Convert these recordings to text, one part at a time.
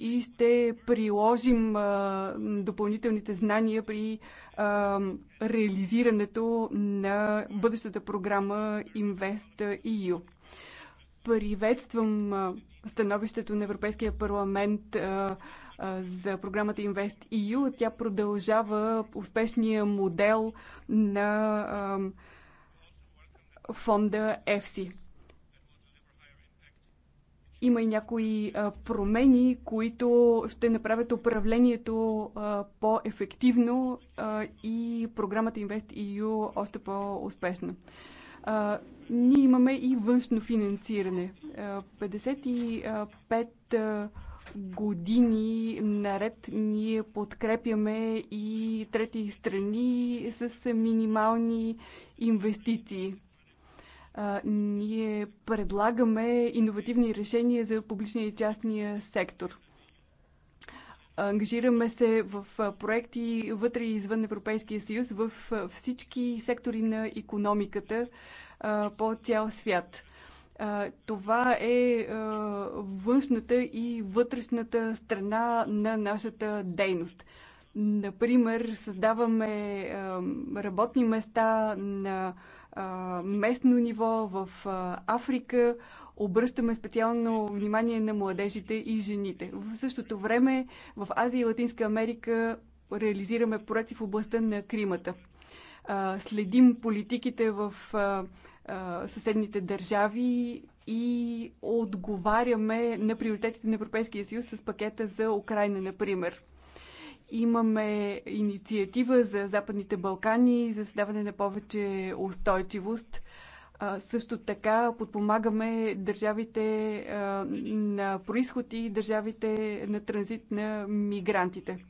и ще приложим а, допълнителните знания при а, реализирането на бъдещата програма Invest EU. Приветствам становището на Европейския парламент а, а, за програмата Invest EU. Тя продължава успешния модел на а, фонда EFSI. Има и някои промени, които ще направят управлението по-ефективно и програмата InvestEU още по-успешна. Ние имаме и външно финансиране. 55 години наред ние подкрепяме и трети страни с минимални инвестиции а, ние предлагаме иновативни решения за публичния и частния сектор. Ангажираме се в проекти вътре и извън Европейския съюз в всички сектори на економиката а, по цял свят. А, това е а, външната и вътрешната страна на нашата дейност. Например, създаваме а, работни места на а, местно ниво, в Африка. Обръщаме специално внимание на младежите и жените. В същото време в Азия и Латинска Америка реализираме проекти в областта на климата. Следим политиките в съседните държави и отговаряме на приоритетите на Европейския съюз с пакета за Украина, например. Имаме инициатива за Западните Балкани за създаване на повече устойчивост. Също така подпомагаме държавите на происход и държавите на транзит на мигрантите.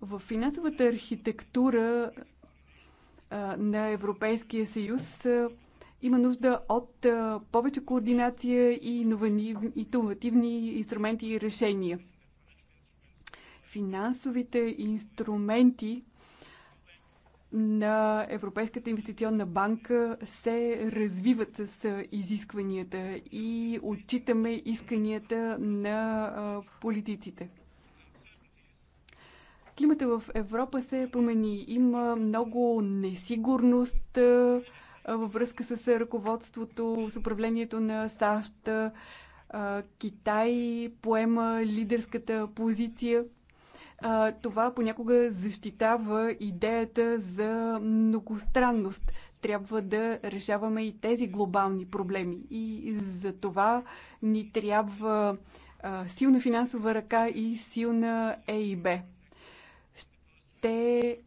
В финансовата архитектура на Европейския съюз има нужда от повече координация и иновативни инструменти и решения финансовите инструменти на Европейската инвестиционна банка се развиват с изискванията и отчитаме исканията на политиците. Климата в Европа се промени. Има много несигурност във връзка с ръководството, с управлението на САЩ. Китай поема лидерската позиция – а, това понякога защитава идеята за многостранност. Трябва да решаваме и тези глобални проблеми. И за това ни трябва а, силна финансова ръка и силна ЕИБ. Ще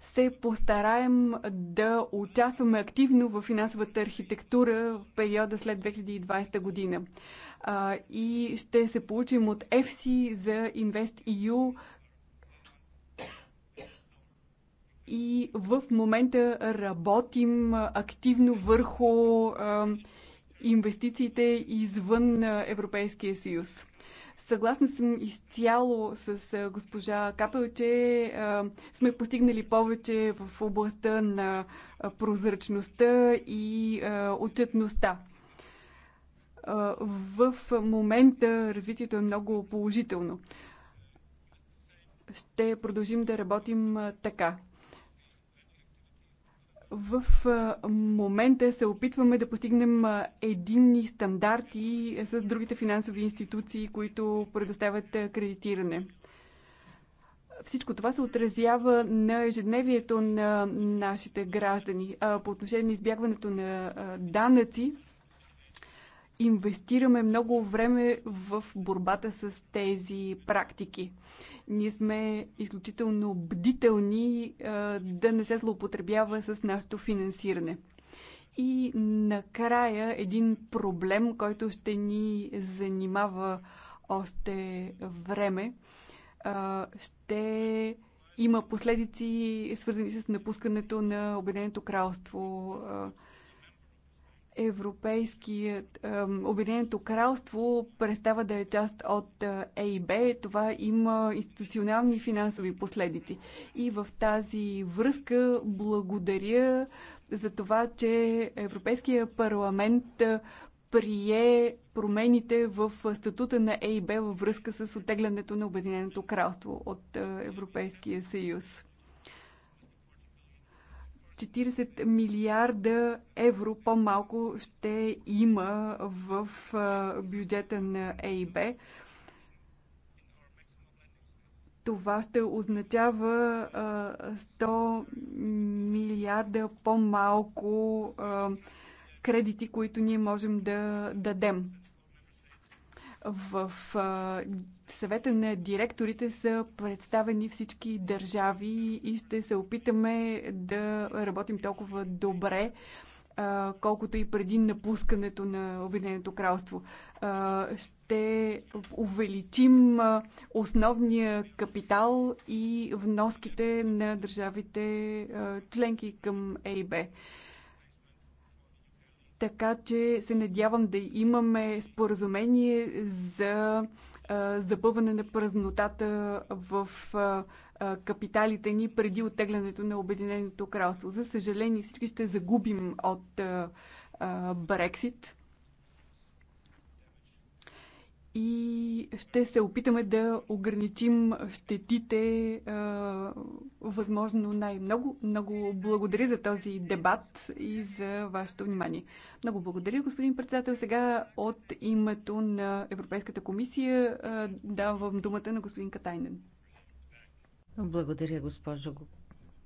се постараем да участваме активно в финансовата архитектура в периода след 2020 година а, и ще се получим от FC за InvestEU. И в момента работим активно върху а, инвестициите извън Европейския съюз. Съгласна съм изцяло с госпожа Капел, че сме постигнали повече в областта на прозрачността и отчетността в момента развитието е много положително. Ще продължим да работим така. В момента се опитваме да постигнем единни стандарти с другите финансови институции, които предоставят кредитиране. Всичко това се отразява на ежедневието на нашите граждани. По отношение на избягването на данъци, инвестираме много време в борбата с тези практики. Ние сме изключително бдителни да не се злоупотребява с нашето финансиране. И накрая един проблем, който ще ни занимава още време, ще има последици, свързани с напускането на Обединеното кралство Европейският Обединеното кралство престава да е част от ЕИБ. Това има институционални и финансови последици. И в тази връзка благодаря за това, че Европейския парламент прие промените в статута на ЕИБ във връзка с отеглянето на Обединеното кралство от Европейския съюз. 40 милиарда евро по-малко ще има в бюджета на ЕИБ. Това ще означава 100 милиарда по-малко кредити, които ние можем да дадем. В съвета на директорите са представени всички държави и ще се опитаме да работим толкова добре, колкото и преди напускането на Обединеното кралство. Ще увеличим основния капитал и вноските на държавите членки към ЕИБ. Така че се надявам да имаме споразумение за запъване на празнотата в капиталите ни преди оттеглянето на Обединеното кралство. За съжаление, всички ще загубим от Брексит и ще се опитаме да ограничим щетите а, възможно най-много. Много благодаря за този дебат и за вашето внимание. Много благодаря, господин председател. Сега от името на Европейската комисия а, давам думата на господин Катайнен. Благодаря, госпожо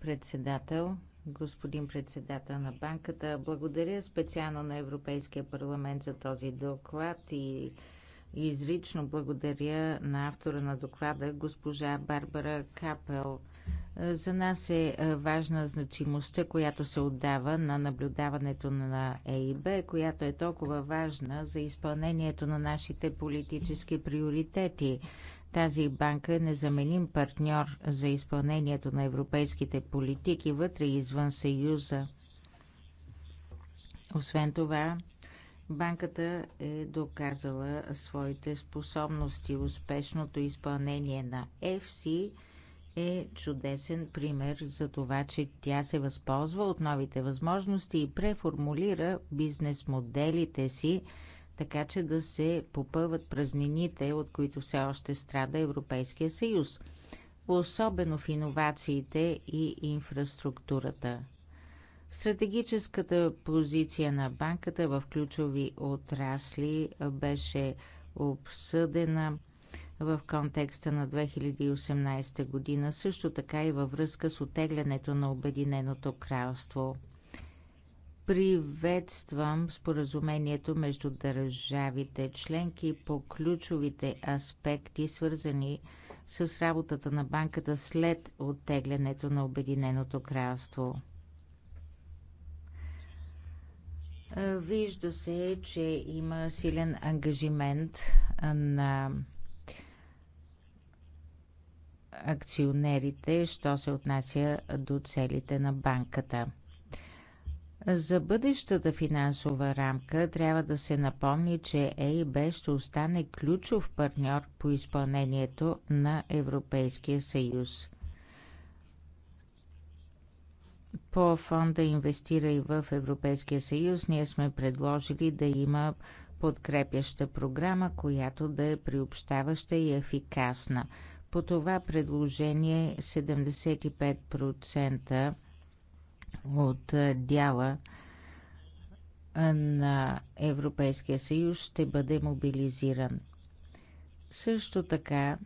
председател господин председател на банката. Благодаря специално на Европейския парламент за този доклад и изрично благодаря на автора на доклада, госпожа Барбара Капел. За нас е, е важна значимостта, която се отдава на наблюдаването на ЕИБ, която е толкова важна за изпълнението на нашите политически приоритети. Тази банка е незаменим партньор за изпълнението на европейските политики вътре и извън Съюза. Освен това, Банката е доказала своите способности. Успешното изпълнение на FC е чудесен пример за това, че тя се възползва от новите възможности и преформулира бизнес моделите си, така че да се попълват празнините, от които все още страда Европейския съюз, особено в иновациите и инфраструктурата. Стратегическата позиция на банката в ключови отрасли беше обсъдена в контекста на 2018 година, също така и във връзка с отеглянето на Обединеното кралство. Приветствам споразумението между държавите членки по ключовите аспекти, свързани с работата на банката след оттеглянето на Обединеното кралство. Вижда се, че има силен ангажимент на акционерите, що се отнася до целите на банката. За бъдещата финансова рамка трябва да се напомни, че ЕИБ ще остане ключов партньор по изпълнението на Европейския съюз. По фонда инвестира и в Европейския съюз ние сме предложили да има подкрепяща програма, която да е приобщаваща и ефикасна. По това предложение 75% от дяла на Европейския съюз ще бъде мобилизиран. Също така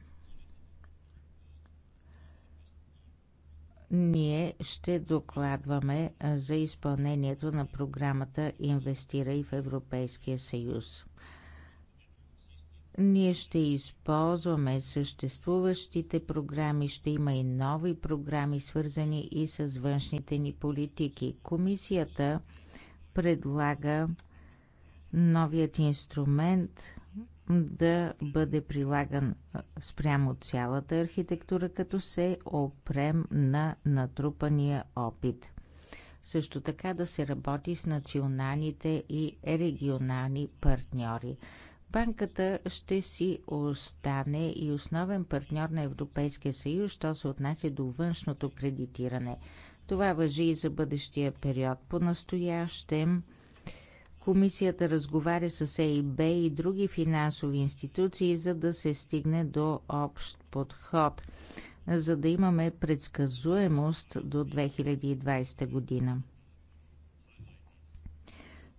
ние ще докладваме за изпълнението на програмата Инвестирай в Европейския съюз. Ние ще използваме съществуващите програми, ще има и нови програми, свързани и с външните ни политики. Комисията предлага новият инструмент – да бъде прилаган спрямо цялата архитектура, като се опрем на натрупания опит. Също така да се работи с националните и регионални партньори. Банката ще си остане и основен партньор на Европейския съюз, що се отнася до външното кредитиране. Това въжи и за бъдещия период. По настоящем Комисията разговаря с ЕИБ и други финансови институции, за да се стигне до общ подход, за да имаме предсказуемост до 2020 година.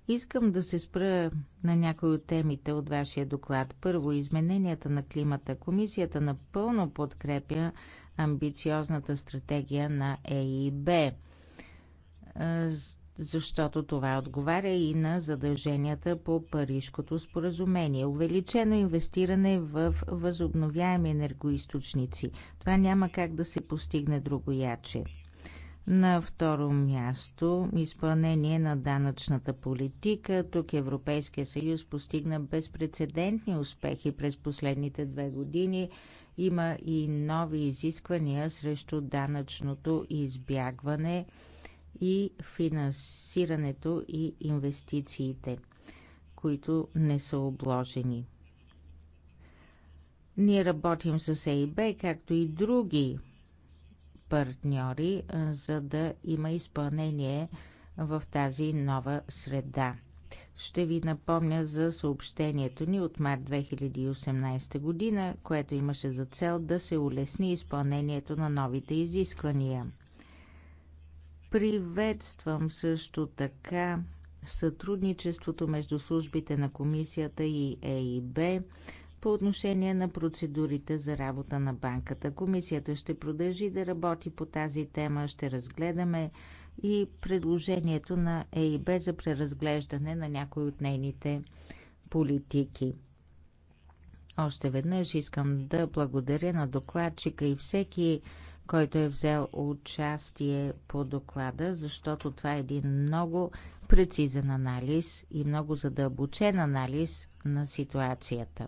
Искам да се спра на някои от темите от вашия доклад. Първо, измененията на климата. Комисията напълно подкрепя амбициозната стратегия на ЕИБ е, защото това отговаря и на задълженията по Парижкото споразумение. Увеличено инвестиране в възобновяеми енергоисточници. Това няма как да се постигне другояче. На второ място изпълнение на данъчната политика. Тук Европейския съюз постигна безпредседентни успехи през последните две години. Има и нови изисквания срещу данъчното избягване – и финансирането и инвестициите, които не са обложени. Ние работим с ЕИБ, както и други партньори, за да има изпълнение в тази нова среда. Ще ви напомня за съобщението ни от март 2018 година, което имаше за цел да се улесни изпълнението на новите изисквания. Приветствам също така сътрудничеството между службите на комисията и ЕИБ по отношение на процедурите за работа на банката. Комисията ще продължи да работи по тази тема. Ще разгледаме и предложението на ЕИБ за преразглеждане на някои от нейните политики. Още веднъж искам да благодаря на докладчика и всеки който е взел участие по доклада, защото това е един много прецизен анализ и много задълбочен анализ на ситуацията.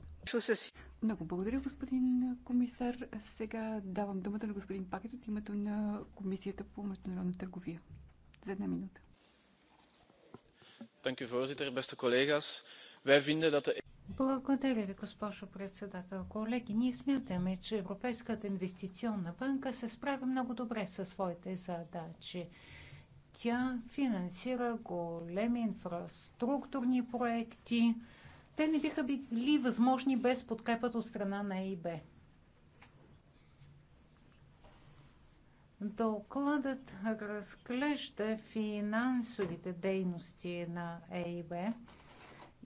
Много благодаря, господин комисар. Сега давам думата на господин Пакет от името на Комисията по международна търговия. За една минута. Dank u voorzitter, beste collega's. Wij vinden dat de благодаря ви, госпожо председател. Колеги, ние смятаме, че Европейската инвестиционна банка се справя много добре със своите задачи. Тя финансира големи инфраструктурни проекти. Те не биха били възможни без подкрепата от страна на ЕИБ. Докладът разглежда финансовите дейности на ЕИБ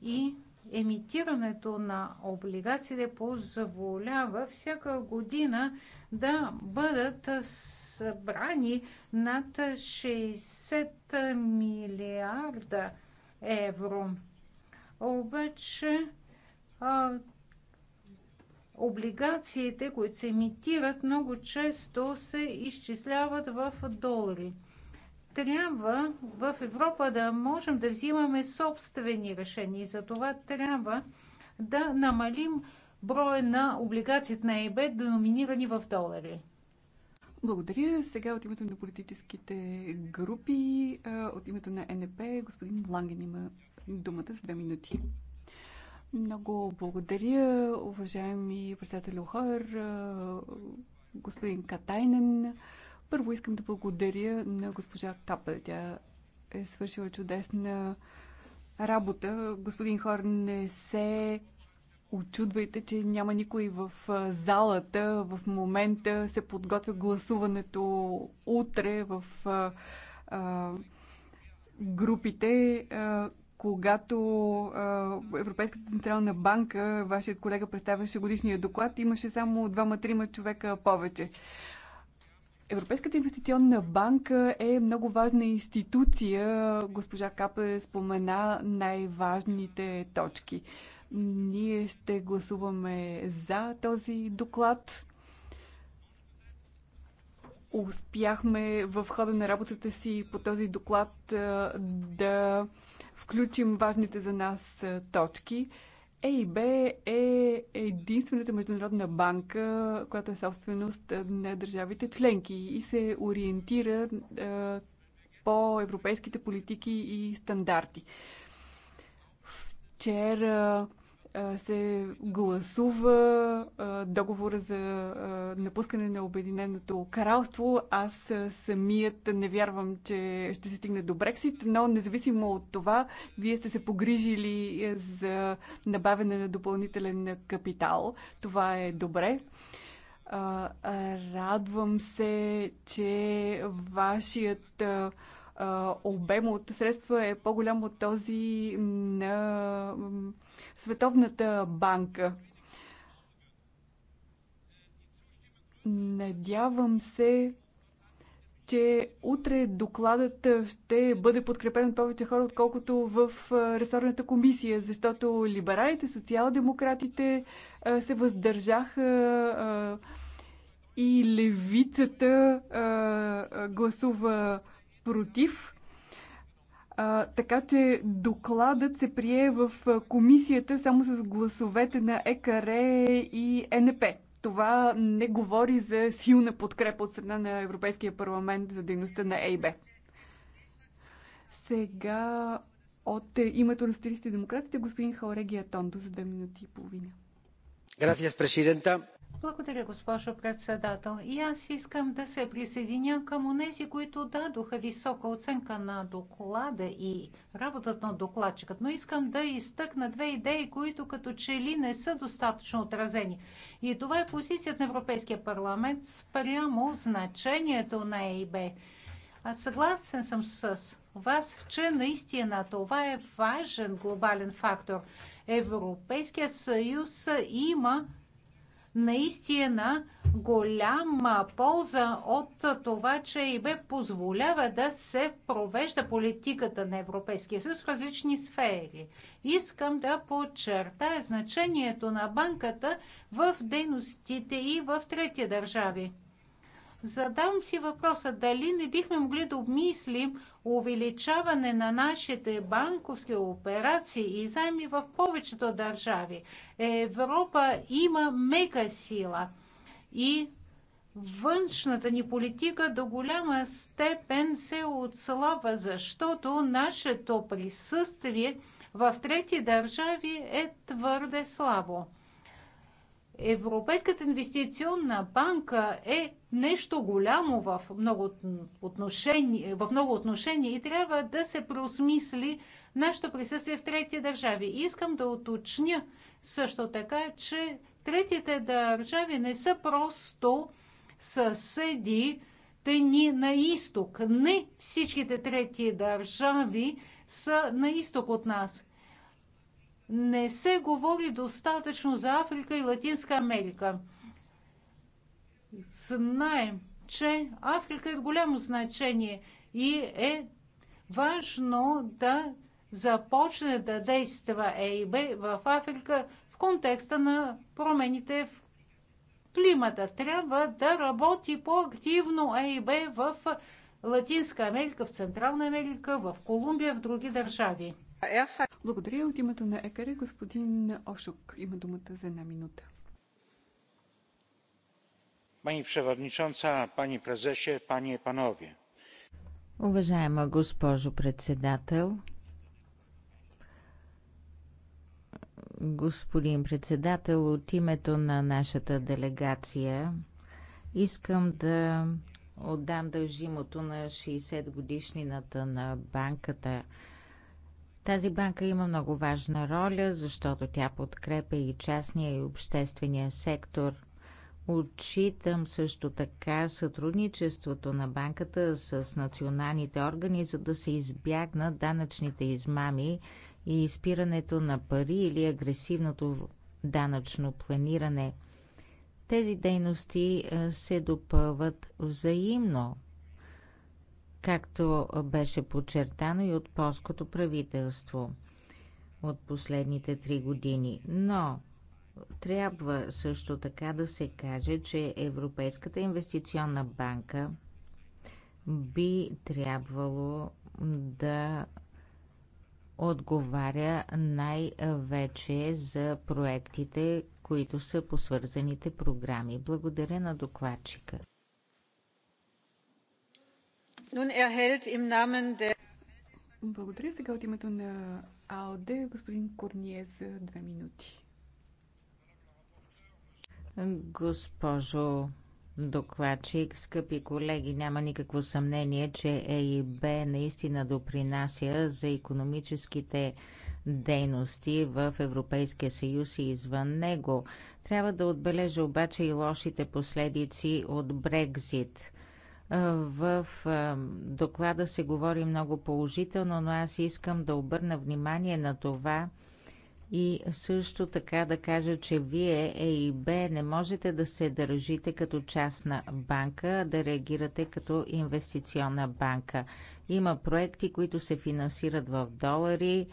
и емитирането на облигациите позволява всяка година да бъдат събрани над 60 милиарда евро. Обаче облигациите, които се емитират, много често се изчисляват в долари трябва в Европа да можем да взимаме собствени решения за това трябва да намалим броя на облигациите на ЕБ, деноминирани в долари. Благодаря. Сега от името на политическите групи, от името на НП, господин Ланген има думата за две минути. Много благодаря, уважаеми председател Охар, господин Катайнен. Първо искам да благодаря на госпожа Тапа. Тя е свършила чудесна работа. Господин Хор, не се очудвайте, че няма никой в залата. В момента се подготвя гласуването утре в а, групите. А, когато а, Европейската централна банка, вашият колега представяше годишния доклад, имаше само двама-трима човека повече. Европейската инвестиционна банка е много важна институция. Госпожа Капе спомена най-важните точки. Ние ще гласуваме за този доклад. Успяхме в хода на работата си по този доклад да включим важните за нас точки. ЕИБ е единствената международна банка, която е собственост на държавите членки и се ориентира е, по европейските политики и стандарти. Вчера се гласува договора за напускане на Обединеното кралство. Аз самият не вярвам, че ще се стигне до Брексит, но независимо от това, вие сте се погрижили за набавяне на допълнителен капитал. Това е добре. Радвам се, че вашият обема от средства е по-голям от този на Световната банка. Надявам се, че утре докладът ще бъде подкрепен от повече хора, отколкото в ресорната комисия, защото либералите, социал-демократите се въздържаха и левицата гласува против. А, така че докладът се прие в комисията само с гласовете на ЕКАРЕ и НП. Това не говори за силна подкрепа от страна на Европейския парламент за дейността на ЕИБ. Сега от името на стилистите демократите господин Хаорегия Тондо за две минути и половина. Gracias, Presidenta. Благодаря, госпожо председател. И аз искам да се присъединя към онези, които дадоха висока оценка на доклада и работата на докладчикът, но искам да изтъкна две идеи, които като че ли не са достатъчно отразени. И това е позицията на Европейския парламент спрямо значението на ЕИБ. Аз съгласен съм с вас, че наистина това е важен глобален фактор. Европейския съюз има наистина голяма полза от това, че ИБ позволява да се провежда политиката на Европейския съюз в различни сфери. Искам да подчертая значението на банката в дейностите и в трети държави. Задавам си въпроса дали не бихме могли да обмислим увеличаване на нашите банковски операции и займи в повечето държави. Европа има мега сила и външната ни политика до голяма степен се отслабва, защото нашето присъствие в трети държави е твърде слабо. Европейската инвестиционна банка е нещо голямо в много отношения, в много отношения и трябва да се преосмисли нашето присъствие в трети държави. И искам да уточня също така, че третите държави не са просто съседи, те ни на изток. Не всичките трети държави са на изток от нас не се говори достатъчно за Африка и Латинска Америка. Знаем, че Африка е голямо значение и е важно да започне да действа ЕИБ в Африка в контекста на промените в климата. Трябва да работи по-активно ЕИБ в Латинска Америка, в Централна Америка, в Колумбия, в други държави. Благодаря от името на ЕКАРЕ. Господин Ошук има думата за една минута. Пани Преводничонца, пани Презеше, пани и панове. Уважаема госпожо председател, господин председател, от името на нашата делегация искам да отдам дължимото на 60 годишнината на банката – тази банка има много важна роля, защото тя подкрепя и частния и обществения сектор. Отчитам също така сътрудничеството на банката с националните органи, за да се избягнат данъчните измами и изпирането на пари или агресивното данъчно планиране. Тези дейности е, се допълват взаимно както беше подчертано и от полското правителство от последните три години. Но трябва също така да се каже, че Европейската инвестиционна банка би трябвало да отговаря най-вече за проектите, които са по свързаните програми. Благодаря на докладчика. Er Благодаря. Сега от името на АОД господин Корние за две минути. Госпожо докладчик, скъпи колеги, няма никакво съмнение, че ЕИБ наистина допринася за економическите дейности в Европейския съюз и извън него. Трябва да отбележа обаче и лошите последици от Брекзит. В доклада се говори много положително, но аз искам да обърна внимание на това и също така да кажа, че вие, Е и Б, не можете да се държите като частна банка, а да реагирате като инвестиционна банка. Има проекти, които се финансират в долари,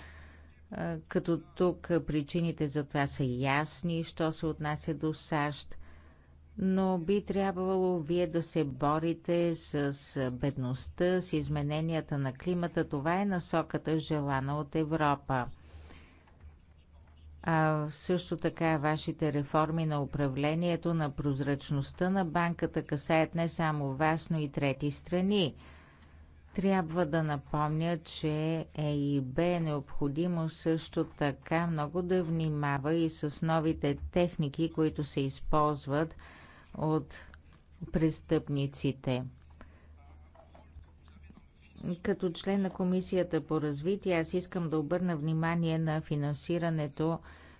като тук причините за това са ясни, що се отнася до САЩ но би трябвало вие да се борите с бедността, с измененията на климата. Това е насоката желана от Европа. А също така вашите реформи на управлението, на прозрачността на банката касаят не само вас, но и трети страни. Трябва да напомня, че ЕИБ е необходимо също така много да внимава и с новите техники, които се използват – от престъпниците. Като член на Комисията по развитие, аз искам да обърна внимание на финансирането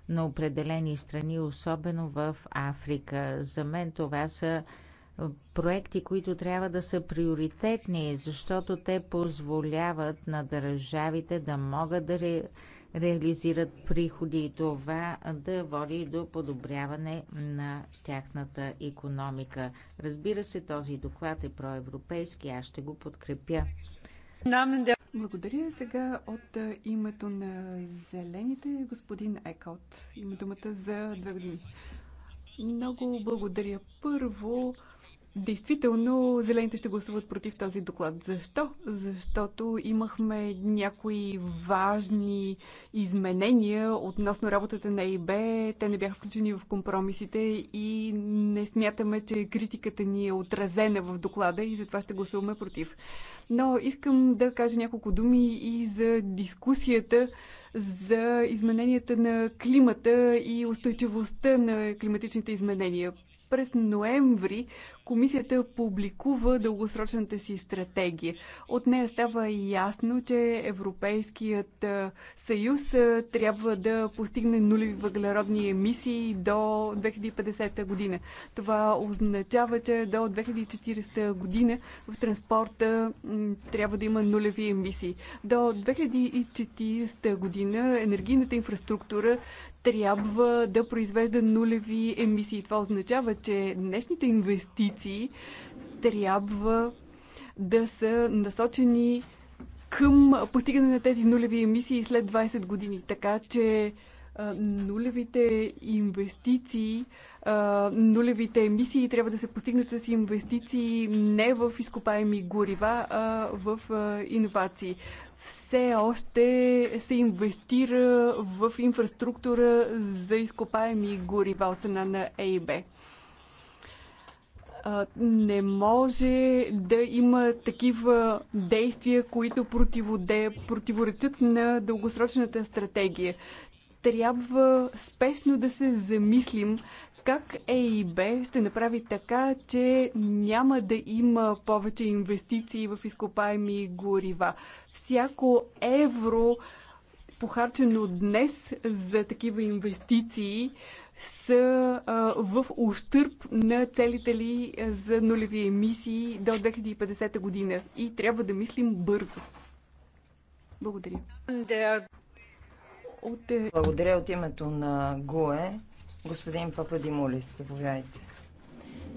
на определени страни, особено в Африка. За мен това са проекти, които трябва да са приоритетни, защото те позволяват на държавите да могат да реализират приходи и това да води до подобряване на тяхната економика. Разбира се, този доклад е проевропейски, аз ще го подкрепя. Благодаря. Сега от името на зелените господин Екот. Има думата за две години. Много благодаря. Първо, Действително, зелените ще гласуват против този доклад. Защо? Защото имахме някои важни изменения относно работата на ИБ. Те не бяха включени в компромисите и не смятаме, че критиката ни е отразена в доклада и затова ще гласуваме против. Но искам да кажа няколко думи и за дискусията за измененията на климата и устойчивостта на климатичните изменения през ноември комисията публикува дългосрочната си стратегия. От нея става ясно, че Европейският съюз трябва да постигне нулеви въглеродни емисии до 2050 година. Това означава, че до 2040 година в транспорта трябва да има нулеви емисии. До 2040 година енергийната инфраструктура трябва да произвежда нулеви емисии. Това означава, че днешните инвестиции позиции трябва да са насочени към постигане на тези нулеви емисии след 20 години. Така че нулевите инвестиции, нулевите емисии трябва да се постигнат с инвестиции не в изкопаеми горива, а в иновации. Все още се инвестира в инфраструктура за изкопаеми горива от страна на ЕИБ не може да има такива действия, които противоречат на дългосрочната стратегия. Трябва спешно да се замислим как ЕИБ ще направи така, че няма да има повече инвестиции в изкопаеми горива. Всяко евро, похарчено днес за такива инвестиции, са в ущърп на целите ли за нулеви емисии до 2050 година и трябва да мислим бързо. Благодаря. От... Е, благодаря от името на ГУЕ. Господин Пападимулис, заповядайте.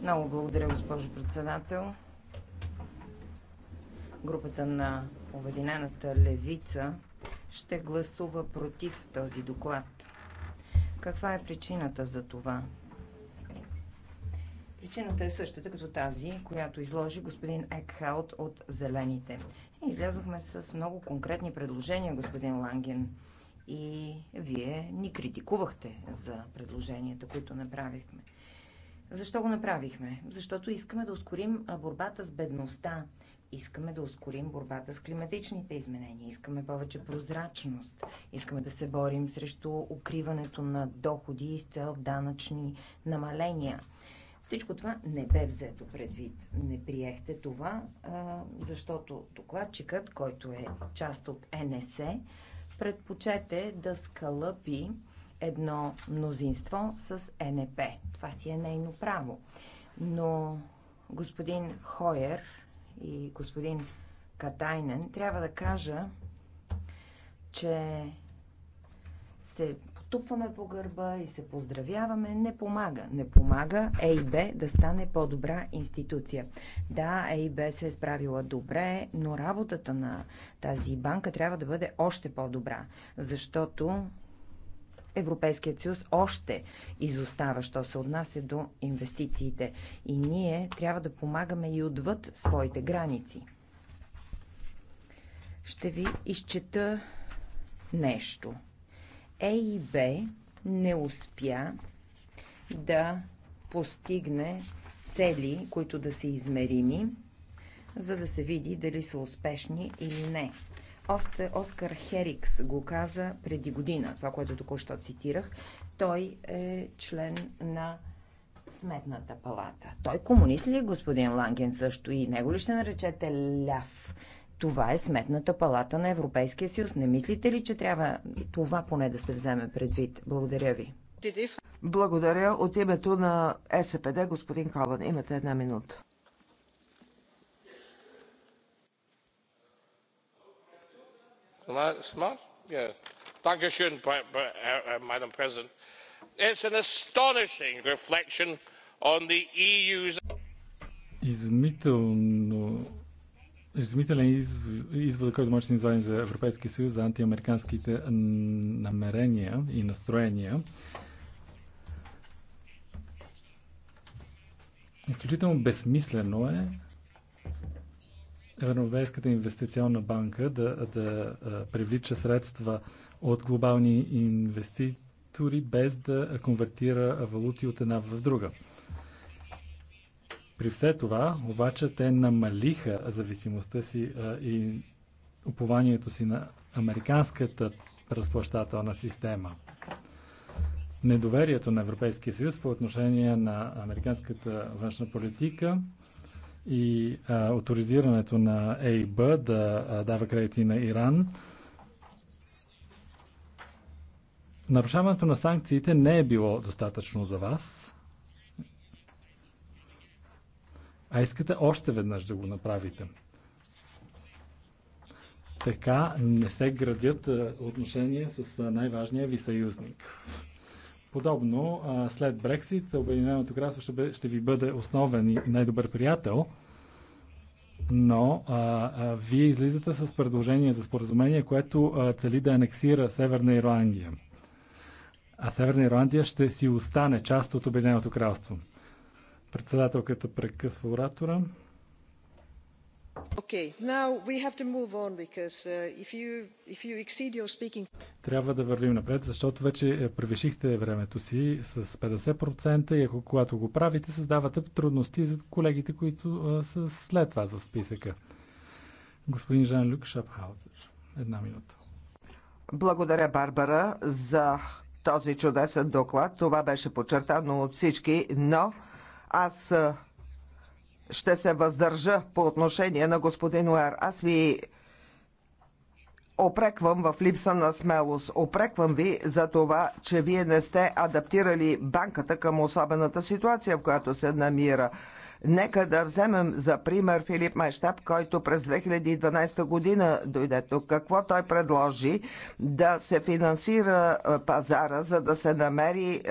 Много благодаря, госпожо председател. Групата на Обединената левица ще гласува против този доклад. Каква е причината за това? Причината е същата като тази, която изложи господин Екхаут от Зелените. излязохме с много конкретни предложения, господин Ланген. И вие ни критикувахте за предложенията, които направихме. Защо го направихме? Защото искаме да ускорим борбата с бедността Искаме да ускорим борбата с климатичните изменения, искаме повече прозрачност, искаме да се борим срещу укриването на доходи с цел данъчни намаления. Всичко това не бе взето предвид. Не приехте това, защото докладчикът, който е част от НС, предпочете да скалъпи едно мнозинство с НП. Това си е нейно право. Но господин Хойер и господин Катайнен, трябва да кажа, че се потупваме по гърба и се поздравяваме, не помага. Не помага ЕИБ да стане по-добра институция. Да, ЕИБ се е справила добре, но работата на тази банка трябва да бъде още по-добра, защото Европейският съюз още изостава, що се отнася до инвестициите. И ние трябва да помагаме и отвъд своите граници. Ще ви изчета нещо. ЕИБ не успя да постигне цели, които да са измерими, за да се види дали са успешни или не. Още Оскар Херикс го каза преди година, това, което току-що цитирах. Той е член на Сметната палата. Той комунист ли, е, господин Ланген, също и него ли ще наречете ляв? Това е Сметната палата на Европейския съюз. Не мислите ли, че трябва това поне да се вземе предвид? Благодаря ви. Благодаря от името на СПД, господин Калван. Имате една минута. Uh, uh, madam president it's an astonishing reflection on the eu's. Изумителен извод, който може да се извадим за Европейския съюз, за антиамериканските намерения и настроения. Изключително безсмислено е Европейската инвестиционна банка да, да привлича средства от глобални инвеститори без да конвертира валути от една в друга. При все това, обаче, те намалиха зависимостта си а, и упованието си на американската разплащателна система. Недоверието на Европейския съюз по отношение на американската външна политика и а, авторизирането на ЕИБ да а, дава кредити на Иран. Нарушаването на санкциите не е било достатъчно за вас, а искате още веднъж да го направите. Така не се градят отношения с най-важния ви съюзник. Подобно, след Брексит, Обединеното кралство ще, ще ви бъде основен и най-добър приятел, но а, а, вие излизате с предложение за споразумение, което а, цели да анексира Северна Ирландия. А Северна Ирландия ще си остане част от Обединеното кралство. Председателката прекъсва оратора. Uh, Трябва да вървим напред, защото вече е, превишихте времето си с 50% и ако когато го правите, създавате трудности за колегите, които са след вас в списъка. Господин Жан-Люк Шапхаузер, една минута. Благодаря, Барбара, за този чудесен доклад. Това беше подчертано от всички, но аз ще се въздържа по отношение на господин Уер. Аз ви Опреквам в липса на смелост. Опреквам ви за това, че вие не сте адаптирали банката към особената ситуация, в която се намира. Нека да вземем за пример Филип Майштаб, който през 2012 година дойде тук. Какво той предложи? Да се финансира пазара, за да се намери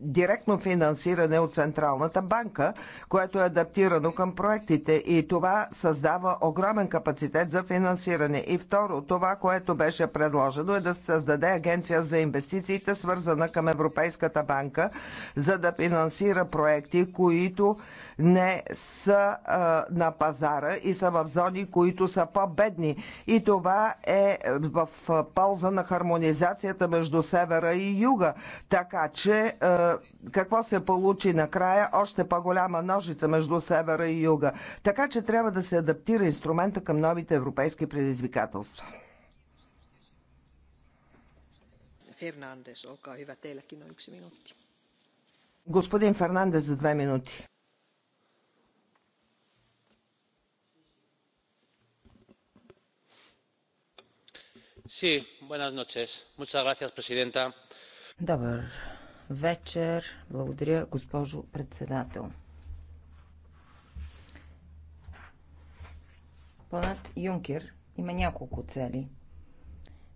директно финансиране от Централната банка, което е адаптирано към проектите и това създава огромен капацитет за финансиране. И второ, това, което беше предложено е да се създаде агенция за инвестициите, свързана към Европейската банка, за да финансира проекти, които не са а, на пазара и са в зони, които са по-бедни. И това е в полза на хармонизацията между севера и юга. Така че а, какво се получи накрая? Още по-голяма ножица между севера и юга. Така че трябва да се адаптира инструмента към новите европейски предизвикателства. Фернандес, ока, hyvä, teilläkin on минути. Господин Фернандес за две минути. Добър вечер. Благодаря, госпожо председател. Планът Юнкер има няколко цели.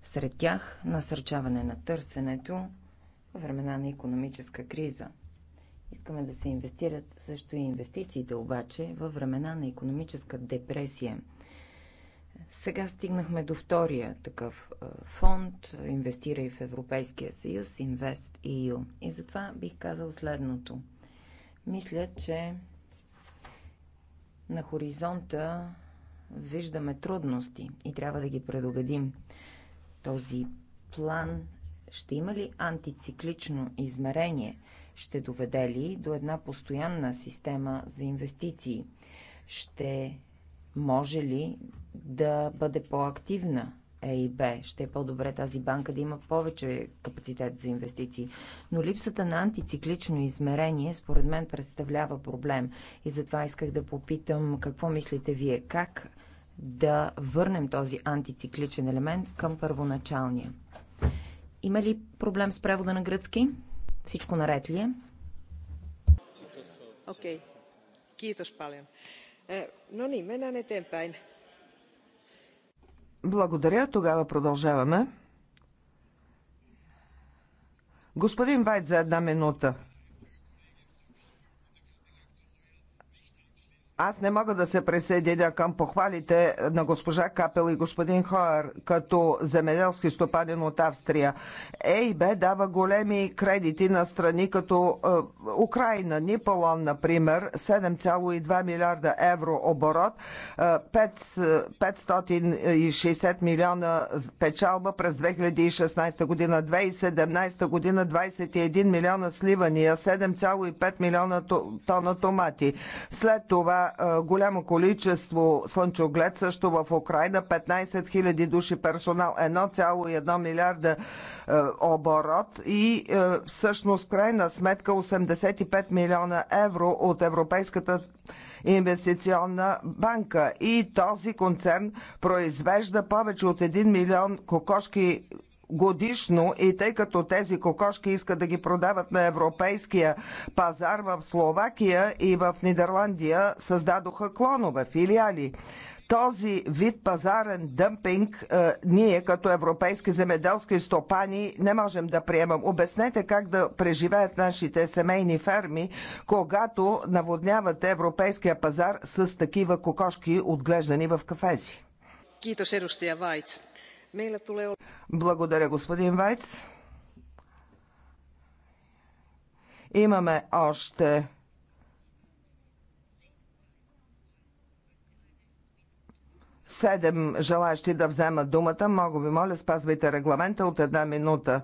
Сред тях насърчаване на търсенето в времена на економическа криза. Искаме да се инвестират също и инвестициите обаче във времена на економическа депресия – сега стигнахме до втория такъв фонд Инвестирай в Европейския съюз, Инвест EU. И затова бих казал следното. Мисля, че на хоризонта виждаме трудности и трябва да ги предугадим. Този план ще има ли антициклично измерение? Ще доведе ли до една постоянна система за инвестиции? Ще може ли да бъде по-активна ЕИБ. Ще е по-добре тази банка да има повече капацитет за инвестиции. Но липсата на антициклично измерение, според мен, представлява проблем. И затова исках да попитам какво мислите вие, как да върнем този антицикличен елемент към първоначалния. Има ли проблем с превода на гръцки? Всичко наред ли е? Окей. Okay. Kiitos paljon. Е, no niin, mennään eteenpäin. Благодаря. Тогава продължаваме. Господин Вайт за една минута. Аз не мога да се присъединя към похвалите на госпожа Капел и господин Хоер като земеделски стопанин от Австрия. ЕИБ дава големи кредити на страни като е, Украина, Ниполон, например, 7,2 милиарда евро оборот, е, 5, 560 е, милиона печалба през 2016 година, 2017 година 21 милиона сливания, 7,5 милиона тона томати. След това голямо количество слънчоглед също в Украина, 15 000 души персонал, 1,1 милиарда оборот и всъщност крайна сметка 85 милиона евро от Европейската инвестиционна банка. И този концерн произвежда повече от 1 милион кокошки годишно и тъй като тези кокошки искат да ги продават на европейския пазар в Словакия и в Нидерландия създадоха клонове, филиали този вид пазарен дъмпинг е, ние като европейски земеделски стопани не можем да приемам. Обяснете как да преживеят нашите семейни ферми, когато наводнявате европейския пазар с такива кокошки, отглеждани в кафези. Kiitos edustaja Vaits. Благодаря, господин Вайц. Имаме още седем желаящи да вземат думата. Много ви моля, спазвайте регламента от една минута.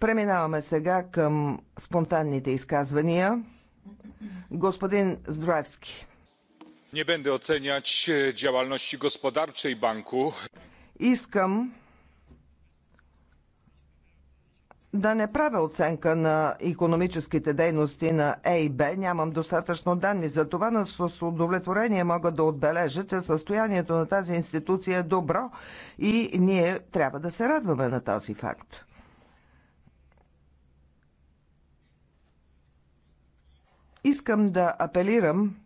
Преминаваме сега към спонтанните изказвания. Господин Здравски. Не оценяч oceniać господарче и банку. Искам да не правя оценка на економическите дейности на и Б. нямам достатъчно данни за това, но с удовлетворение мога да отбележа, че състоянието на тази институция е добро и ние трябва да се радваме на този факт. Искам да апелирам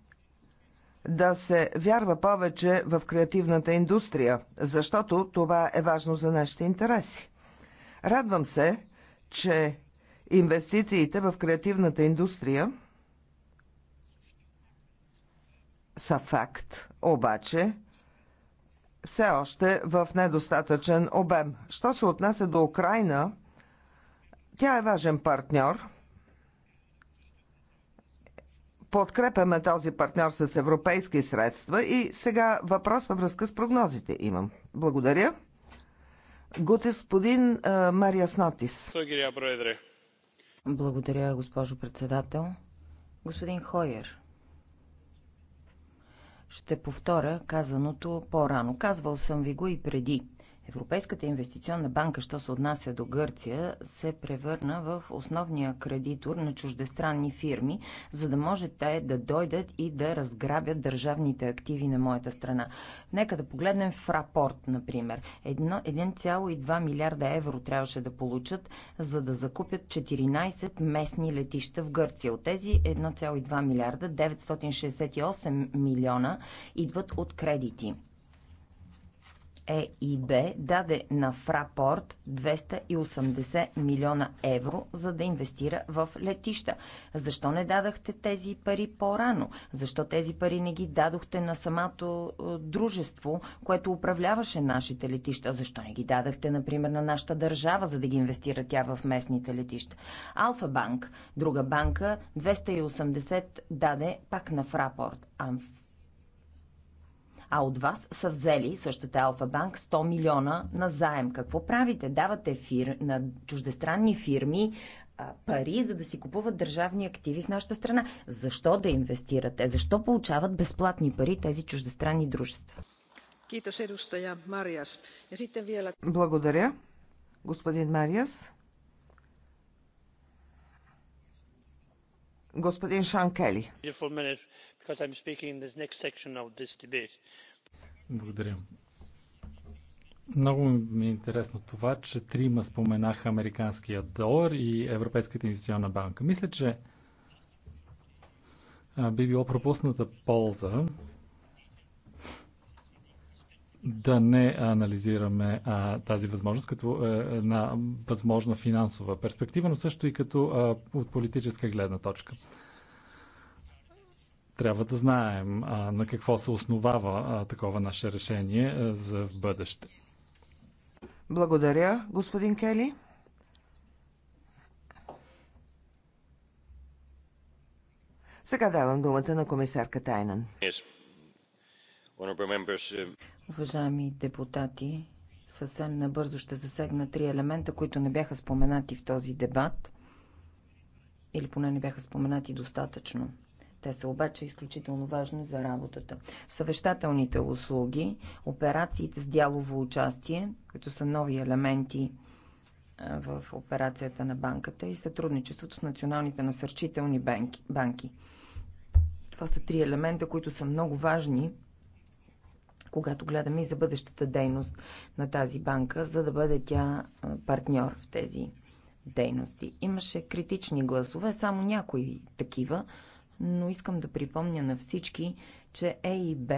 да се вярва повече в креативната индустрия, защото това е важно за нашите интереси. Радвам се, че инвестициите в креативната индустрия са факт, обаче все още в недостатъчен обем. Що се отнася до Украина, тя е важен партньор. Подкрепяме този партньор с европейски средства и сега въпрос във връзка с прогнозите имам. Благодаря. Господин Мария Снотис. Благодаря, госпожо председател. Господин Хойер, ще повторя казаното по-рано. Казвал съм ви го и преди. Европейската инвестиционна банка, що се отнася до Гърция, се превърна в основния кредитор на чуждестранни фирми, за да може те да дойдат и да разграбят държавните активи на моята страна. Нека да погледнем Фрапорт, например. 1,2 милиарда евро трябваше да получат, за да закупят 14 местни летища в Гърция. От тези 1,2 милиарда, 968 милиона идват от кредити. ЕИБ даде на Фрапорт 280 милиона евро, за да инвестира в летища. Защо не дадахте тези пари по-рано? Защо тези пари не ги дадохте на самото е, дружество, което управляваше нашите летища? Защо не ги дадахте, например, на нашата държава, за да ги инвестира тя в местните летища? Алфа банк, друга банка, 280 даде пак на Фрапорт. А а от вас са взели същата Алфа-банк 100 милиона на заем. Какво правите? Давате фир... на чуждестранни фирми пари, за да си купуват държавни активи в нашата страна. Защо да инвестирате? Защо получават безплатни пари тези чуждестранни дружества? Благодаря, господин Мариас. Господин Шан Кели because I'm speaking in this next section of this debate. Благодаря. Много ми е интересно това, че трима споменаха американския долар и Европейската инвестиционна банка. Мисля, че би било пропусната полза да не анализираме а, тази възможност като а, е, една възможна финансова перспектива, но също и като а, от политическа гледна точка. Трябва да знаем а, на какво се основава а, такова наше решение а, за в бъдеще. Благодаря, господин Кели. Сега давам думата на комисарка Тайнан. Uh, Уважаеми депутати, съвсем набързо ще засегна три елемента, които не бяха споменати в този дебат или поне не бяха споменати достатъчно. Те са обаче изключително важни за работата. Съвещателните услуги, операциите с дялово участие, които са нови елементи в операцията на банката и сътрудничеството с националните насърчителни банки. Това са три елемента, които са много важни когато гледаме и за бъдещата дейност на тази банка, за да бъде тя партньор в тези дейности. Имаше критични гласове, само някои такива, но искам да припомня на всички, че ЕИБ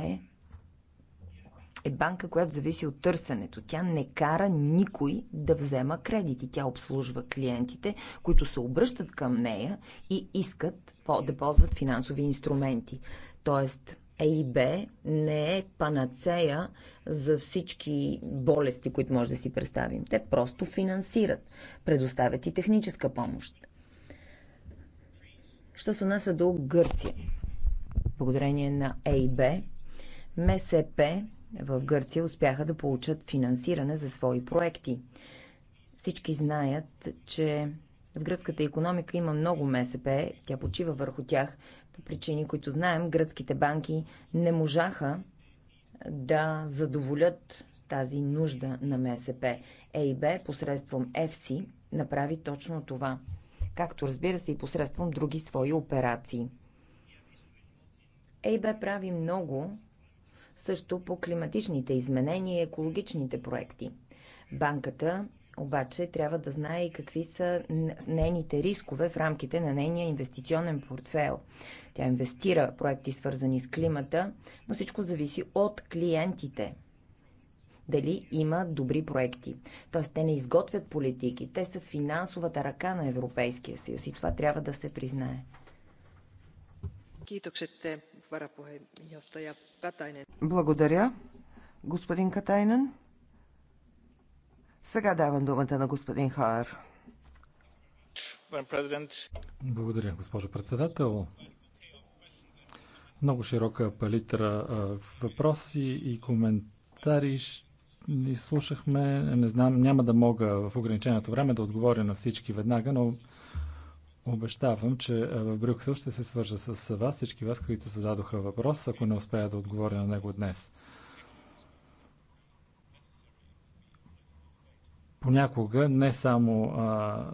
е банка, която зависи от търсенето. Тя не кара никой да взема кредити. Тя обслужва клиентите, които се обръщат към нея и искат да ползват финансови инструменти. Тоест, ЕИБ не е панацея за всички болести, които може да си представим. Те просто финансират, предоставят и техническа помощ. Що се отнася до Гърция? Благодарение на ЕИБ, МСП в Гърция успяха да получат финансиране за свои проекти. Всички знаят, че в гръцката економика има много МСП, тя почива върху тях. По причини, които знаем, гръцките банки не можаха да задоволят тази нужда на МСП. ЕИБ посредством ЕФСИ направи точно това както разбира се и посредством други свои операции. ЕБ прави много също по климатичните изменения и екологичните проекти. Банката обаче трябва да знае и какви са нейните рискове в рамките на нейния инвестиционен портфел. Тя инвестира проекти свързани с климата, но всичко зависи от клиентите – дали има добри проекти. Тоест, те не изготвят политики, те са финансовата ръка на Европейския съюз и това трябва да се признае. Благодаря, господин Катайнен. Сега давам думата на господин Хаар. Благодаря, госпожо председател. Много широка палитра въпроси и коментари изслушахме. Не знам, няма да мога в ограниченото време да отговоря на всички веднага, но обещавам, че е, в Брюксел ще се свържа с вас, всички вас, които зададоха въпрос, ако не успея да отговоря на него днес. понякога не само а,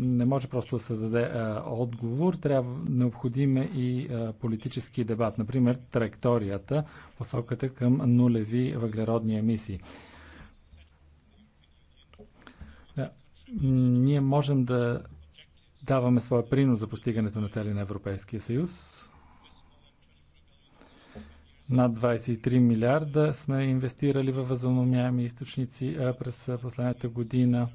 не може просто да се даде а, отговор, трябва необходим е и а, политически дебат. Например, траекторията, посоката към нулеви въглеродни емисии. Да, ние можем да даваме своя принос за постигането на цели на Европейския съюз. Над 23 милиарда сме инвестирали във възобновяеми източници през последната година.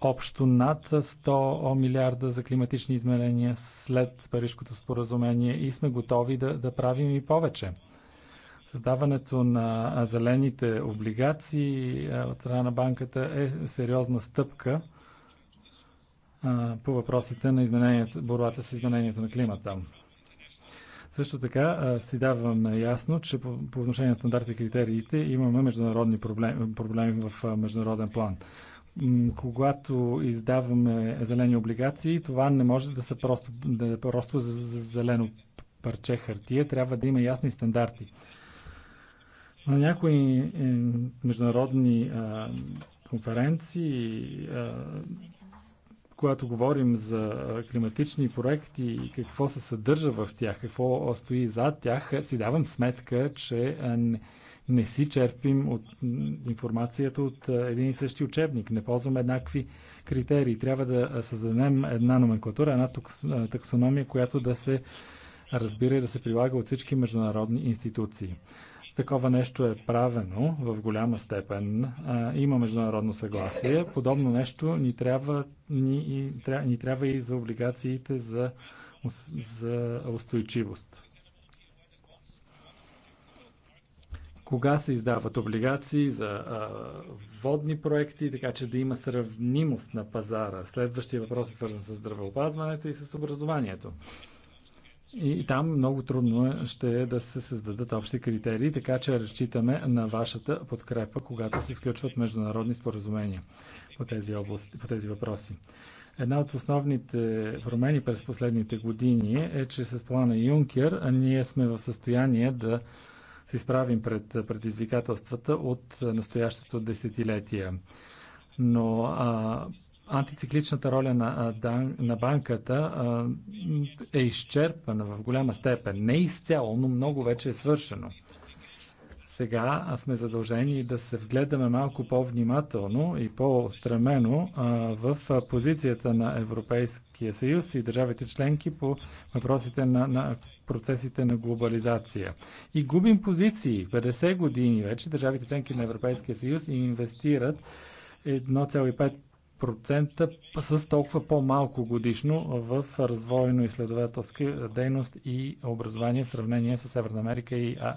Общо над 100 милиарда за климатични изменения след Парижското споразумение и сме готови да, да правим и повече. Създаването на зелените облигации от страна на банката е сериозна стъпка по въпросите на изменението, борбата с изменението на климата. Също така си давам ясно, че по, по отношение на стандарти и критериите имаме международни проблеми, проблеми в международен план. когато издаваме зелени облигации, това не може да, са просто, да е просто за, зелено парче хартия. Трябва да има ясни стандарти. На някои международни а, конференции а, когато говорим за климатични проекти и какво се съдържа в тях, какво стои зад тях, е, си давам сметка, че не си черпим от информацията от един и същи учебник. Не ползваме еднакви критерии. Трябва да създадем една номенклатура, една таксономия, която да се разбира и да се прилага от всички международни институции. Такова нещо е правено в голяма степен. Има международно съгласие. Подобно нещо ни трябва, ни, тря, ни трябва и за облигациите за, за устойчивост. Кога се издават облигации за а, водни проекти, така че да има сравнимост на пазара? Следващия въпрос е свързан с здравеопазването и с образованието. И там много трудно е, ще е да се създадат общи критерии, така че разчитаме на вашата подкрепа, когато се сключват международни споразумения по тези, области, по тези въпроси. Една от основните промени през последните години е, че с плана Юнкер ние сме в състояние да се изправим пред предизвикателствата от настоящото десетилетие. Но а, антицикличната роля на, на банката е изчерпана в голяма степен. Не изцяло, но много вече е свършено. Сега сме задължени да се вгледаме малко по-внимателно и по-стремено в позицията на Европейския съюз и държавите членки по въпросите на, на процесите на глобализация. И губим позиции. 50 години вече държавите членки на Европейския съюз инвестират процента с толкова по-малко годишно в развойно-изследователска дейност и образование в сравнение с Северна Америка и, а,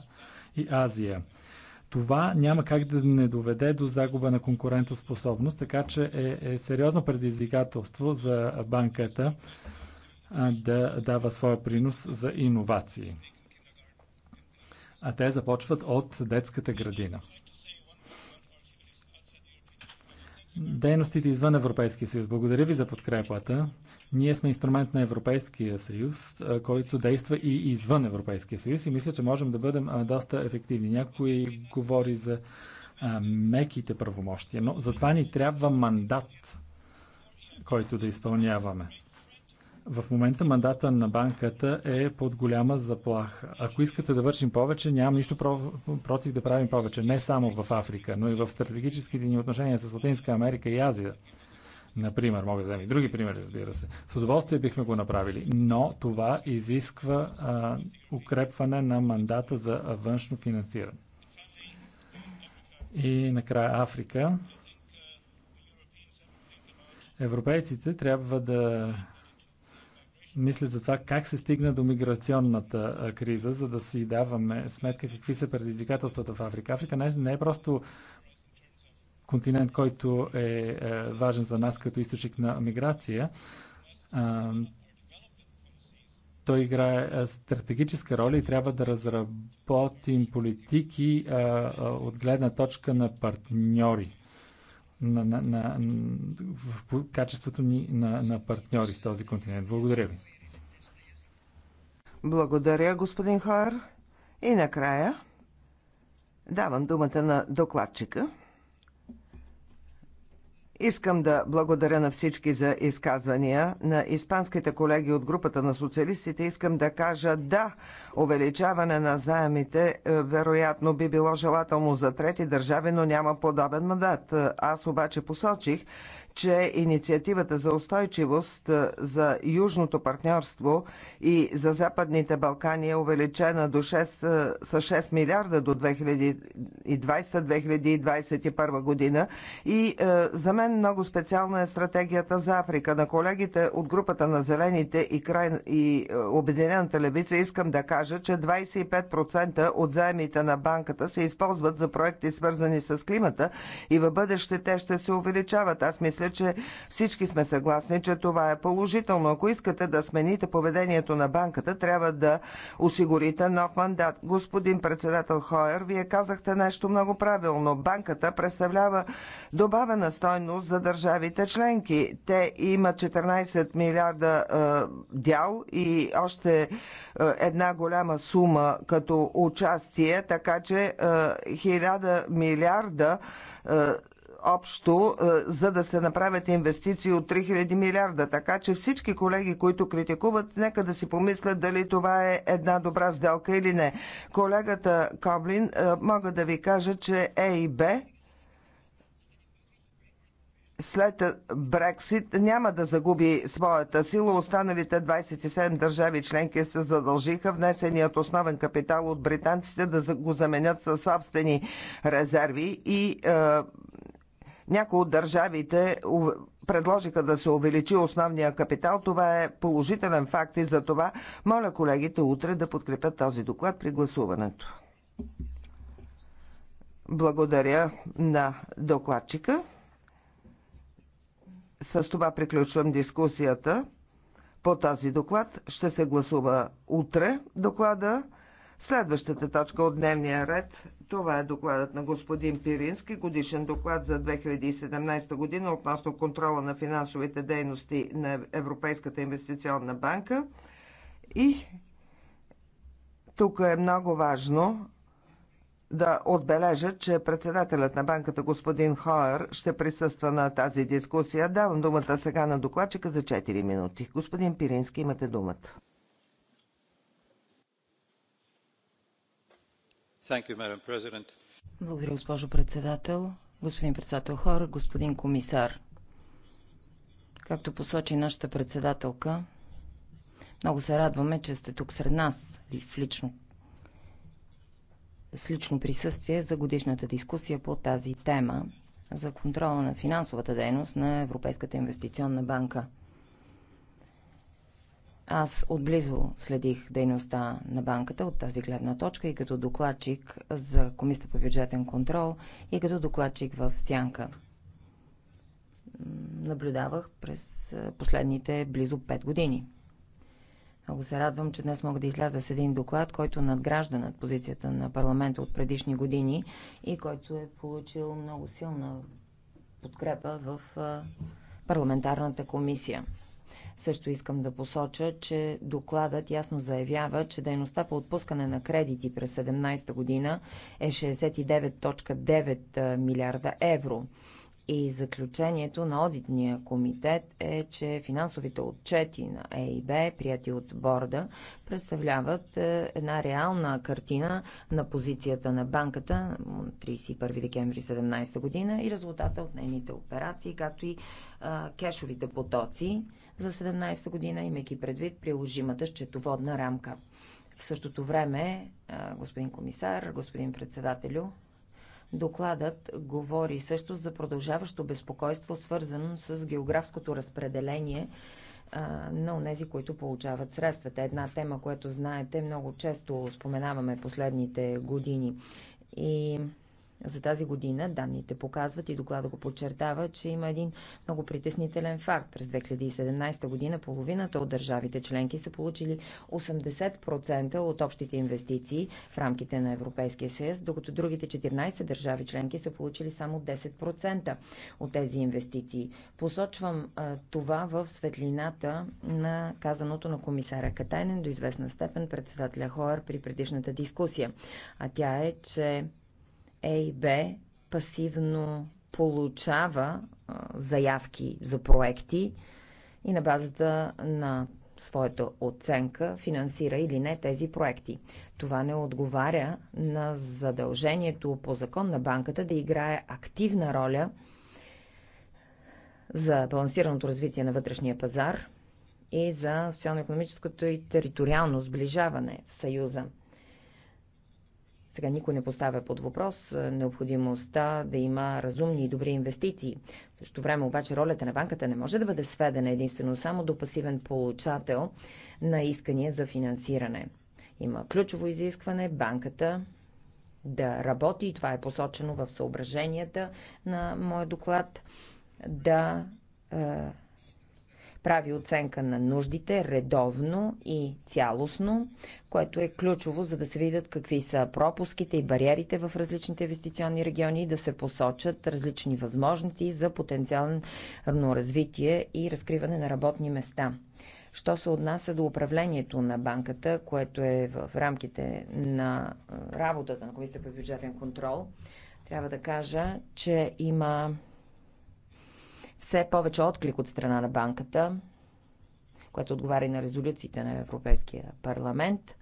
и Азия. Това няма как да не доведе до загуба на конкурентоспособност, така че е, е сериозно предизвикателство за банката а, да дава своя принос за иновации. А те започват от детската градина. дейностите извън Европейския съюз. Благодаря ви за подкрепата. Ние сме инструмент на Европейския съюз, който действа и извън Европейския съюз и мисля, че можем да бъдем доста ефективни. Някой говори за меките правомощия, но затова ни трябва мандат, който да изпълняваме. В момента мандата на банката е под голяма заплаха. Ако искате да вършим повече, нямам нищо против да правим повече. Не само в Африка, но и в стратегическите ни отношения с Латинска Америка и Азия. Например, мога да дам и други примери, разбира се. С удоволствие бихме го направили, но това изисква а, укрепване на мандата за външно финансиране. И накрая Африка. Европейците трябва да мисля за това как се стигна до миграционната криза, за да си даваме сметка какви са предизвикателствата в Африка. Африка не, е, не е просто континент, който е, е важен за нас като източник на миграция. Той играе стратегическа роля и трябва да разработим политики от гледна точка на партньори на, на, на, в качеството ни на, на партньори с този континент. Благодаря ви. Благодаря, господин Хар. И накрая давам думата на докладчика. Искам да благодаря на всички за изказвания. На испанските колеги от групата на социалистите искам да кажа да, увеличаване на заемите е, вероятно би било желателно за трети държави, но няма подобен мандат. Е, аз обаче посочих, че инициативата за устойчивост е, за Южното партньорство и за Западните Балкани е увеличена до 6, е, с 6 милиарда до 2020-2021 година. И е, за мен много специална е стратегията за Африка. На колегите от групата на Зелените и, край, и е, Обединената левица искам да кажа, че 25% от заемите на банката се използват за проекти свързани с климата и във бъдеще те ще се увеличават. Аз мисля, мисля, че всички сме съгласни, че това е положително. Ако искате да смените поведението на банката, трябва да осигурите нов мандат. Господин председател Хойер, вие казахте нещо много правилно. Банката представлява добавена стойност за държавите членки. Те имат 14 милиарда е, дял и още е, една голяма сума като участие, така че е, 1000 милиарда е, общо, е, за да се направят инвестиции от 3000 милиарда. Така че всички колеги, които критикуват, нека да си помислят дали това е една добра сделка или не. Колегата Коблин, е, мога да ви кажа, че Е и Б след Брексит няма да загуби своята сила. Останалите 27 държави членки се задължиха внесеният основен капитал от британците да го заменят със собствени резерви и е, някои от държавите предложиха да се увеличи основния капитал. Това е положителен факт и за това моля колегите утре да подкрепят този доклад при гласуването. Благодаря на докладчика. С това приключвам дискусията по този доклад. Ще се гласува утре доклада. Следващата точка от дневния ред, това е докладът на господин Пирински, годишен доклад за 2017 година относно контрола на финансовите дейности на Европейската инвестиционна банка. И тук е много важно да отбележа, че председателят на банката господин Хоер ще присъства на тази дискусия. Давам думата сега на докладчика за 4 минути. Господин Пирински, имате думата. Благодаря, госпожо председател. Господин председател Хор, господин комисар. Както посочи нашата председателка, много се радваме, че сте тук сред нас в лично, с лично присъствие за годишната дискусия по тази тема за контрола на финансовата дейност на Европейската инвестиционна банка. Аз отблизо следих дейността на банката от тази гледна точка и като докладчик за Комисията по бюджетен контрол и като докладчик в Сянка. Наблюдавах през последните близо 5 години. Много се радвам, че днес мога да изляза с един доклад, който надгражда над позицията на парламента от предишни години и който е получил много силна подкрепа в парламентарната комисия. Също искам да посоча, че докладът ясно заявява, че дейността по отпускане на кредити през 2017 година е 69.9 милиарда евро. И заключението на Одитния комитет е, че финансовите отчети на ЕИБ, прияти от борда, представляват една реална картина на позицията на банката 31 декември 2017 година и резултата от нейните операции, както и а, кешовите потоци за 2017 година, имайки предвид приложимата счетоводна рамка. В същото време, господин комисар, господин председателю, Докладът говори също за продължаващо безпокойство, свързано с географското разпределение на онези, които получават средствата. Една тема, която знаете, много често споменаваме последните години. И за тази година. Данните показват и доклада го подчертава, че има един много притеснителен факт. През 2017 година половината от държавите членки са получили 80% от общите инвестиции в рамките на Европейския съюз, докато другите 14 държави членки са получили само 10% от тези инвестиции. Посочвам а, това в светлината на казаното на комисаря Катайнен, до известна степен председателя Хоер при предишната дискусия. А тя е, че ЕИБ пасивно получава заявки за проекти и на базата на своята оценка финансира или не тези проекти. Това не отговаря на задължението по закон на банката да играе активна роля за балансираното развитие на вътрешния пазар и за социално-економическото и териториално сближаване в Съюза. Сега никой не поставя под въпрос е, необходимостта да има разумни и добри инвестиции. В същото време обаче ролята на банката не може да бъде сведена единствено само до пасивен получател на искания за финансиране. Има ключово изискване банката да работи, и това е посочено в съображенията на моя доклад, да е, прави оценка на нуждите редовно и цялостно, което е ключово, за да се видят какви са пропуските и бариерите в различните инвестиционни региони и да се посочат различни възможности за потенциално развитие и разкриване на работни места. Що се отнася до управлението на банката, което е в рамките на работата на Комисията по бюджетен контрол, трябва да кажа, че има все повече отклик от страна на банката, което отговаря и на резолюциите на Европейския парламент,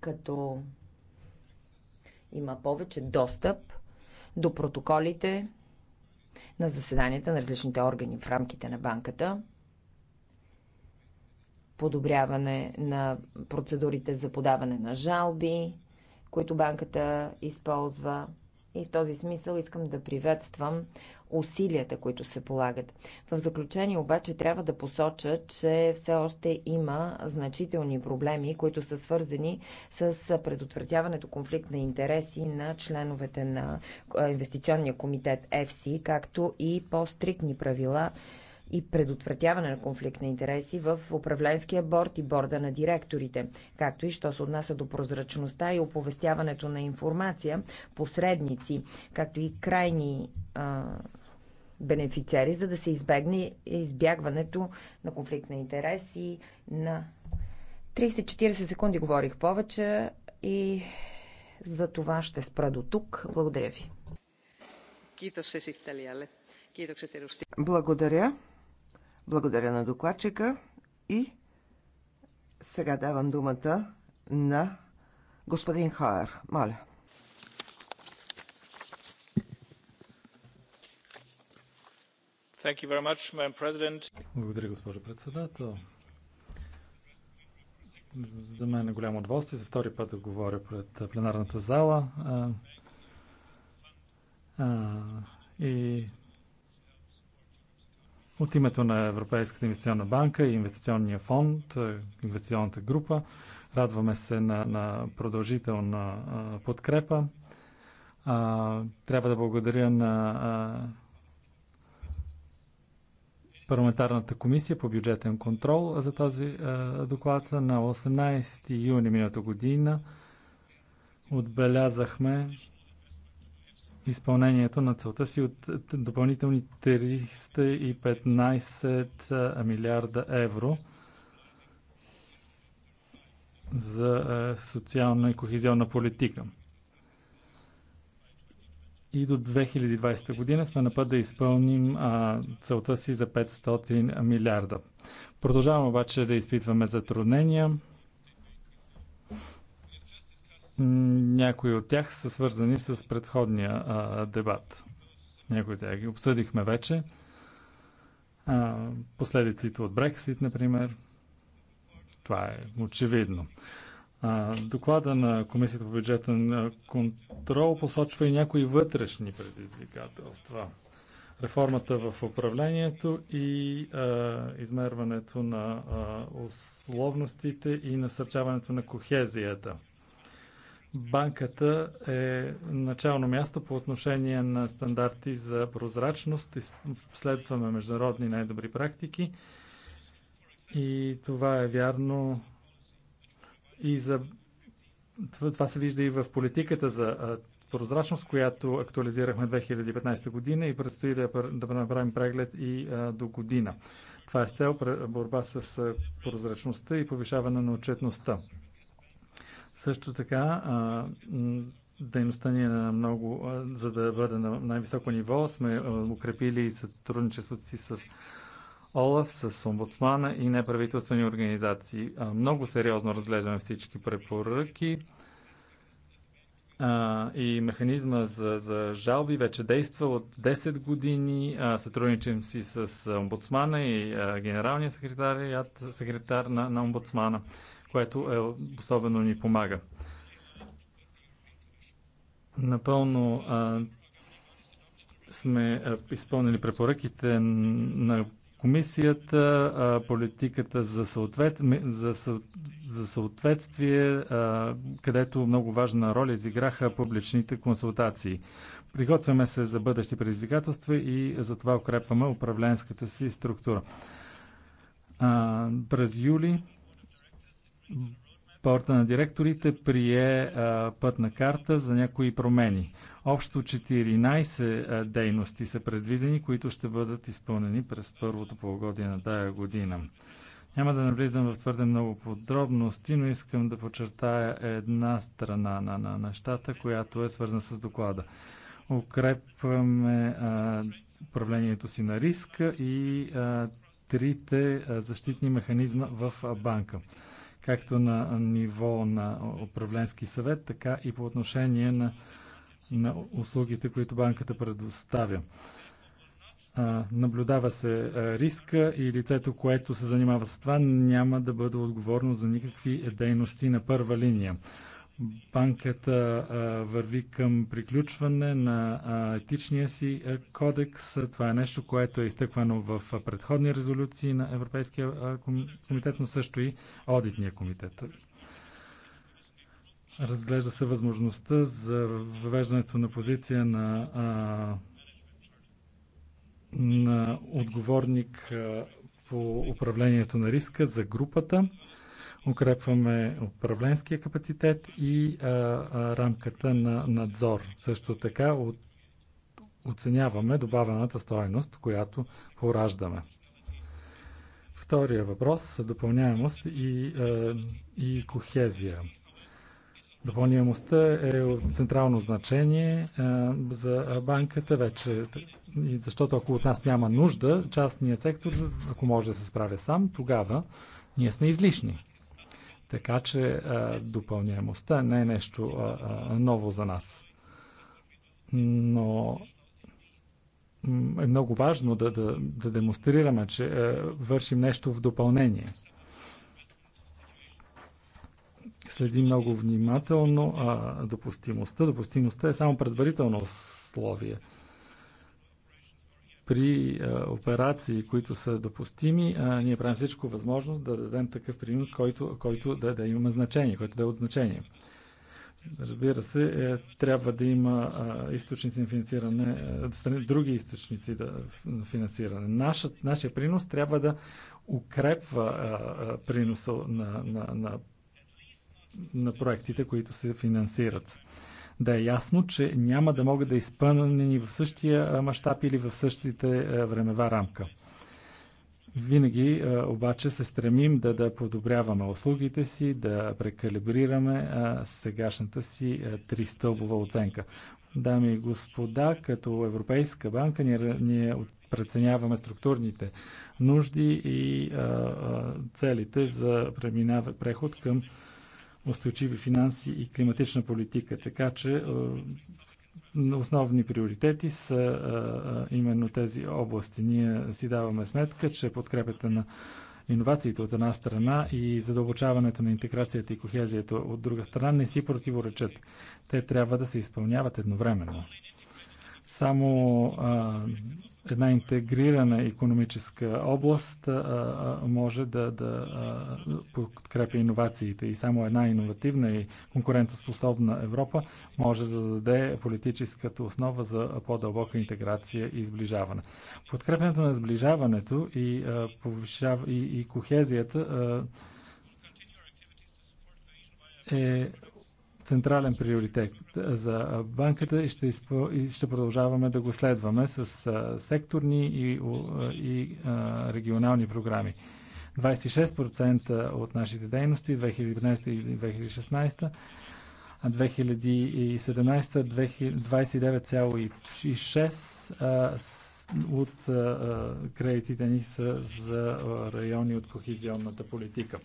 като има повече достъп до протоколите на заседанията на различните органи в рамките на банката, подобряване на процедурите за подаване на жалби, които банката използва, и в този смисъл искам да приветствам усилията, които се полагат. В заключение обаче трябва да посоча, че все още има значителни проблеми, които са свързани с предотвратяването конфликт на интереси на членовете на инвестиционния комитет ЕФСИ, както и по-стрикни правила и предотвратяване на конфликт на интереси в управленския борт и борда на директорите, както и що се отнася до прозрачността и оповестяването на информация, посредници, както и крайни а, бенефициари, за да се избегне избягването на конфликт на интереси на 30-40 секунди говорих повече и за това ще спра до тук. Благодаря ви. Благодаря. Благодаря на докладчика и сега давам думата на господин Хайер. Моля. Much, Благодаря, госпожо председател. За мен е голямо удоволствие за втори път да говоря пред пленарната зала. А, а, и от името на Европейската инвестиционна банка и инвестиционния фонд, е, инвестиционната група, радваме се на, на продължителна а, подкрепа. А, трябва да благодаря на а, парламентарната комисия по бюджетен контрол за този а, доклад. На 18 юни миналата година отбелязахме изпълнението на целта си от допълнителни 315 милиарда евро за социална и кохезионна политика. И до 2020 година сме на път да изпълним а, целта си за 500 милиарда. Продължаваме обаче да изпитваме затруднения. Някои от тях са свързани с предходния а, дебат. Някои от тях ги обсъдихме вече. А, последиците от Брексит, например. Това е очевидно. А, доклада на Комисията по бюджетен контрол посочва и някои вътрешни предизвикателства. Реформата в управлението и а, измерването на а, условностите и насърчаването на кохезията – Банката е начално място по отношение на стандарти за прозрачност. Следваме международни най-добри практики. И това е вярно и за. Това се вижда и в политиката за прозрачност, която актуализирахме 2015 година и предстои да, направим преглед и до година. Това е с цел борба с прозрачността и повишаване на отчетността. Също така, а, дейността ни е на много, а, за да бъде на най-високо ниво, сме а, укрепили сътрудничеството си с ОЛАФ, с омбудсмана и неправителствени организации. А, много сериозно разглеждаме всички препоръки а, и механизма за, за жалби вече действа от 10 години. А, сътрудничим си с омбудсмана и а, генералния секретар, секретар на, на омбудсмана което е, особено ни помага. Напълно а, сме а, изпълнили препоръките на комисията, а, политиката за, съответ, за, съ, за съответствие, а, където много важна роля изиграха публичните консултации. Приготвяме се за бъдещи предизвикателства и за това укрепваме управленската си структура. А, през юли Порта на директорите прие а, пътна карта за някои промени. Общо 14 а, дейности са предвидени, които ще бъдат изпълнени през първото полугодие на тая година. Няма да навлизам в твърде много подробности, но искам да подчертая една страна на, на нещата, която е свързана с доклада. Укрепваме а, управлението си на риска и а, трите а, защитни механизма в а, банка както на ниво на управленски съвет, така и по отношение на, на услугите, които банката предоставя. А, наблюдава се риска и лицето, което се занимава с това, няма да бъде отговорно за никакви дейности на първа линия. Банката върви към приключване на етичния си кодекс. Това е нещо, което е изтъквано в предходни резолюции на Европейския комитет, но също и Одитния комитет. Разглежда се възможността за въвеждането на позиция на, а, на отговорник по управлението на риска за групата укрепваме управленския капацитет и а, а, рамката на надзор. Също така от, оценяваме добавената стоеност, която пораждаме. Втория въпрос допълняемост и, а, и кохезия. Допълняемостта е от централно значение а, за банката вече, защото ако от нас няма нужда, частният сектор, ако може да се справя сам, тогава ние сме излишни. Така че е, допълняемостта не е нещо е, е, ново за нас. Но е много важно да, да, да демонстрираме, че вършим нещо в допълнение. Следи много внимателно а, допустимостта. Допустимостта е само предварително условие при а, операции, които са допустими, а, ние правим всичко възможност да дадем такъв принос, който, който да, да има значение, който да е от значение. Разбира се, е, трябва да има а, източници на финансиране, а, други източници да, на финансиране. Наша, нашия принос трябва да укрепва а, а, приноса на, на, на, на проектите, които се финансират да е ясно, че няма да могат да изпълнени в същия мащаб или в същите времева рамка. Винаги обаче се стремим да, да подобряваме услугите си, да прекалибрираме сегашната си тристълбова оценка. Дами и господа, като Европейска банка ние, ние преценяваме структурните нужди и а, а, целите за преминава преход към устойчиви финанси и климатична политика. Така че е, основни приоритети са е, е, именно тези области. Ние си даваме сметка, че подкрепата на иновациите от една страна и задълбочаването на интеграцията и кохезията от друга страна не си противоречат. Те трябва да се изпълняват едновременно. Само а, една интегрирана економическа област а, а, може да, да а, подкрепя иновациите и само една иновативна и конкурентоспособна Европа може да даде политическата основа за по-дълбока интеграция и сближаване. Подкрепянето на сближаването и, а, повишав, и, и кохезията а, е централен приоритет за банката и ще, изпо, и ще продължаваме да го следваме с секторни и, и регионални програми. 26% от нашите дейности 2015 и 2016 а 2017 29,6 от кредитите ни са за райони от кохизионната политика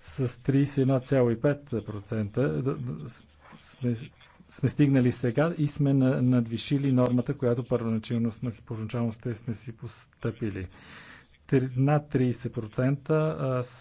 с 31,5% сме, сме стигнали сега и сме надвишили нормата, която първоначално сме, първоначално сме си постъпили. Над 30% са